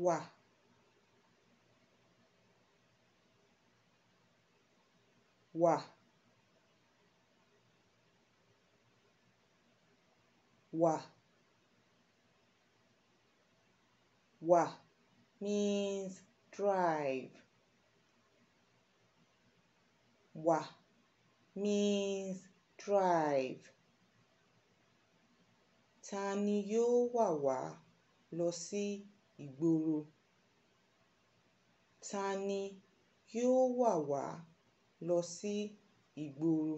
wà. wà. wà. wà means drive. wà means drive. Ta ni yóò wà wá lọ sí ìgboro ta ni yóò wà wá lọ sí ìgboro